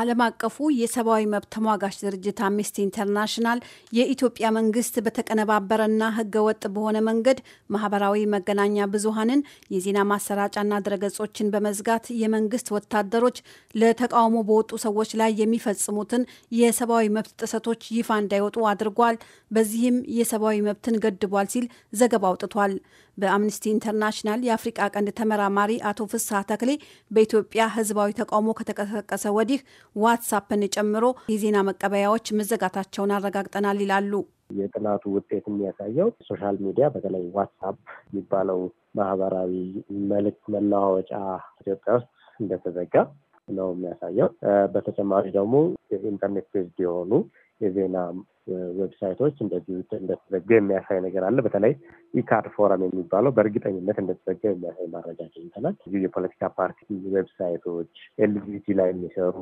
ዓለም አቀፉ የሰብአዊ መብት ተሟጋች ድርጅት አምነስቲ ኢንተርናሽናል የኢትዮጵያ መንግስት በተቀነባበረና ህገወጥ በሆነ መንገድ ማህበራዊ መገናኛ ብዙሀንን የዜና ማሰራጫና ድረገጾችን በመዝጋት የመንግስት ወታደሮች ለተቃውሞ በወጡ ሰዎች ላይ የሚፈጽሙትን የሰብአዊ መብት ጥሰቶች ይፋ እንዳይወጡ አድርጓል። በዚህም የሰብአዊ መብትን ገድቧል ሲል ዘገባ አውጥቷል። በአምነስቲ ኢንተርናሽናል የአፍሪቃ ቀንድ ተመራማሪ አቶ ፍስሐ ተክሌ በኢትዮጵያ ህዝባዊ ተቃውሞ ከተቀሰቀሰ ወዲህ ዋትሳፕን ጨምሮ የዜና መቀበያዎች መዘጋታቸውን አረጋግጠናል ይላሉ። የጥናቱ ውጤት የሚያሳየው ሶሻል ሚዲያ በተለይ ዋትሳፕ የሚባለው ማህበራዊ መልእክት መለዋወጫ ኢትዮጵያ ውስጥ እንደተዘጋ ነው የሚያሳየው። በተጨማሪ ደግሞ የኢንተርኔት ቤዝድ የሆኑ የዜና ዌብሳይቶች እንደዚህ እንደተዘጋ የሚያሳይ ነገር አለ። በተለይ ኢካድ ፎረም የሚባለው በእርግጠኝነት እንደተዘጋ የሚያሳይ መረጃ አግኝተናል። እዚሁ የፖለቲካ ፓርቲ ዌብሳይቶች፣ ኤልጂቢቲ ላይ የሚሰሩ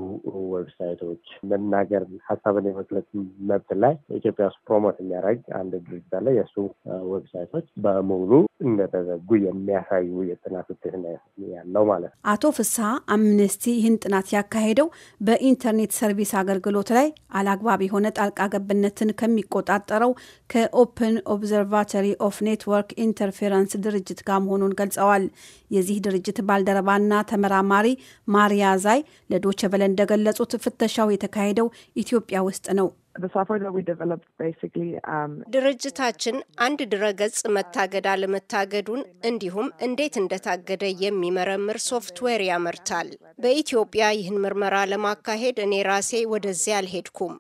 ዌብሳይቶች መናገር ሀሳብን የመግለጽ መብት ላይ ኢትዮጵያ ውስጥ ፕሮሞት የሚያደርግ አንድ ድርጅት አለ። የእሱ ዌብሳይቶች በሙሉ እንደተዘጉ የሚያሳዩ የጥናት ውጤት ያለው ማለት ነው። አቶ ፍስሀ አምነስቲ ይህን ጥናት ያካሄደው በኢንተርኔት ሰርቪስ አገልግሎት ላይ አላግባብ የሆነ ጣልቃ ገብነት ደህንነትን ከሚቆጣጠረው ከኦፕን ኦብዘርቫቶሪ ኦፍ ኔትወርክ ኢንተርፌረንስ ድርጅት ጋር መሆኑን ገልጸዋል። የዚህ ድርጅት ባልደረባና ተመራማሪ ማሪያ ዛይ ለዶቸ እንደገለጹት ፍተሻው የተካሄደው ኢትዮጵያ ውስጥ ነው። um, ድርጅታችን አንድ ድረገጽ መታገድ አለመታገዱን እንዲሁም እንዴት እንደታገደ የሚመረምር ሶፍትዌር ያመርታል። በኢትዮጵያ ይህን ምርመራ ለማካሄድ እኔ ራሴ ወደዚያ አልሄድኩም።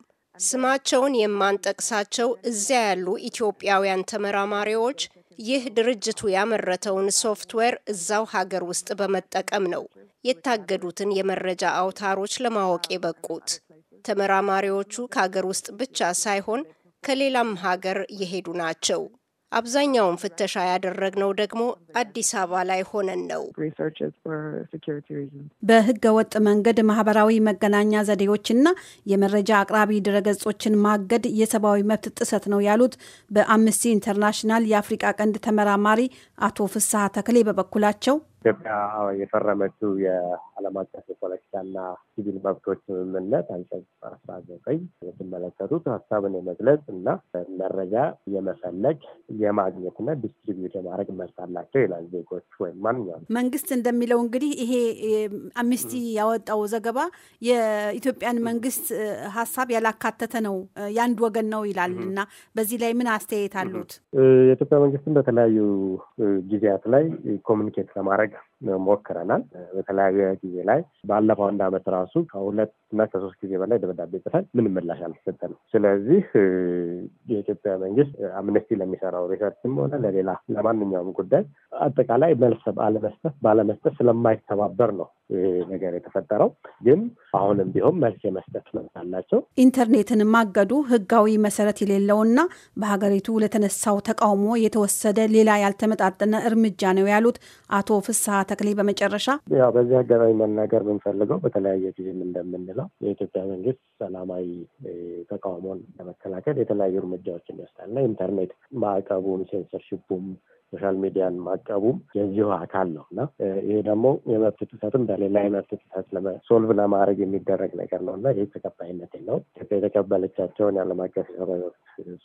ስማቸውን የማንጠቅሳቸው እዚያ ያሉ ኢትዮጵያውያን ተመራማሪዎች ይህ ድርጅቱ ያመረተውን ሶፍትዌር እዛው ሀገር ውስጥ በመጠቀም ነው የታገዱትን የመረጃ አውታሮች ለማወቅ የበቁት። ተመራማሪዎቹ ከሀገር ውስጥ ብቻ ሳይሆን ከሌላም ሀገር የሄዱ ናቸው። አብዛኛውን ፍተሻ ያደረግነው ደግሞ አዲስ አበባ ላይ ሆነን ነው። በህገ ወጥ መንገድ ማህበራዊ መገናኛ ዘዴዎችና የመረጃ አቅራቢ ድረገጾችን ማገድ የሰብአዊ መብት ጥሰት ነው ያሉት በአምነስቲ ኢንተርናሽናል የአፍሪቃ ቀንድ ተመራማሪ አቶ ፍስሐ ተክሌ በበኩላቸው ኢትዮጵያ የፈረመችው የዓለም አቀፍ የፖለቲካና ሲቪል መብቶች ስምምነት አንቀጽ አስራ ዘጠኝ የምትመለከቱት ሀሳብን የመግለጽ እና መረጃ የመፈለግ የማግኘትና ዲስትሪቢዩት የማድረግ መብት አላቸው ይላል። ዜጎች ወይም ማንኛውም መንግስት እንደሚለው እንግዲህ ይሄ አምነስቲ ያወጣው ዘገባ የኢትዮጵያን መንግስት ሀሳብ ያላካተተ ነው፣ የአንድ ወገን ነው ይላል እና በዚህ ላይ ምን አስተያየት አሉት? የኢትዮጵያ መንግስትን በተለያዩ ጊዜያት ላይ ኮሚኒኬት ለማድረግ Bye-bye. ሞክረናል። በተለያየ ጊዜ ላይ ባለፈው አንድ አመት ራሱ ከሁለት እና ከሶስት ጊዜ በላይ ደብዳቤ ጽፈን ምንም ምላሽ አልተሰጠንም። ስለዚህ የኢትዮጵያ መንግስት አምነስቲ ለሚሰራው ሪሰርችም ሆነ ለሌላ ለማንኛውም ጉዳይ አጠቃላይ መልስ ባለመስጠት ባለመስጠት ስለማይተባበር ነው ይህ ነገር የተፈጠረው። ግን አሁንም ቢሆን መልስ የመስጠት መብት አላቸው። ኢንተርኔትን ማገዱ ህጋዊ መሰረት የሌለውና በሀገሪቱ ለተነሳው ተቃውሞ የተወሰደ ሌላ ያልተመጣጠነ እርምጃ ነው ያሉት አቶ ፍስሀ ተክሌ በመጨረሻ ያው በዚህ አጋጣሚ መናገር ብንፈልገው በተለያየ ጊዜም እንደምንለው የኢትዮጵያ መንግስት ሰላማዊ ተቃውሞን ለመከላከል የተለያዩ እርምጃዎችን ይወስዳል እና ኢንተርኔት ማዕቀቡም ሴንሰርሽፑም ሶሻል ሚዲያን ማቀቡም የዚሁ አካል ነው እና ይሄ ደግሞ የመብት ጥሰትም በሌላ የመብት ጥሰት ሶልቭ ለማድረግ የሚደረግ ነገር ነው እና ይህ ተቀባይነት የለውም። ኢትዮጵያ የተቀበለቻቸውን የዓለም አቀፍ የሰብአዊ መብት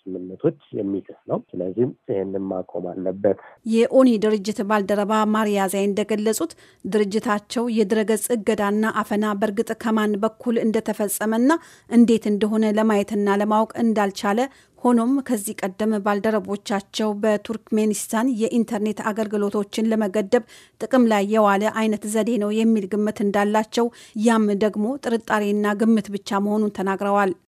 ስምምነቶች የሚጥስ ነው። ስለዚህም ይህንን ማቆም አለበት። የኦኒ ድርጅት ባልደረባ ማሪያ ዛይ እንደገ የገለጹት ድርጅታቸው የድረገጽ እገዳና አፈና በእርግጥ ከማን በኩል እንደተፈጸመና እንዴት እንደሆነ ለማየትና ለማወቅ እንዳልቻለ ሆኖም ከዚህ ቀደም ባልደረቦቻቸው በቱርክሜኒስታን የኢንተርኔት አገልግሎቶችን ለመገደብ ጥቅም ላይ የዋለ አይነት ዘዴ ነው የሚል ግምት እንዳላቸው ያም ደግሞ ጥርጣሬና ግምት ብቻ መሆኑን ተናግረዋል።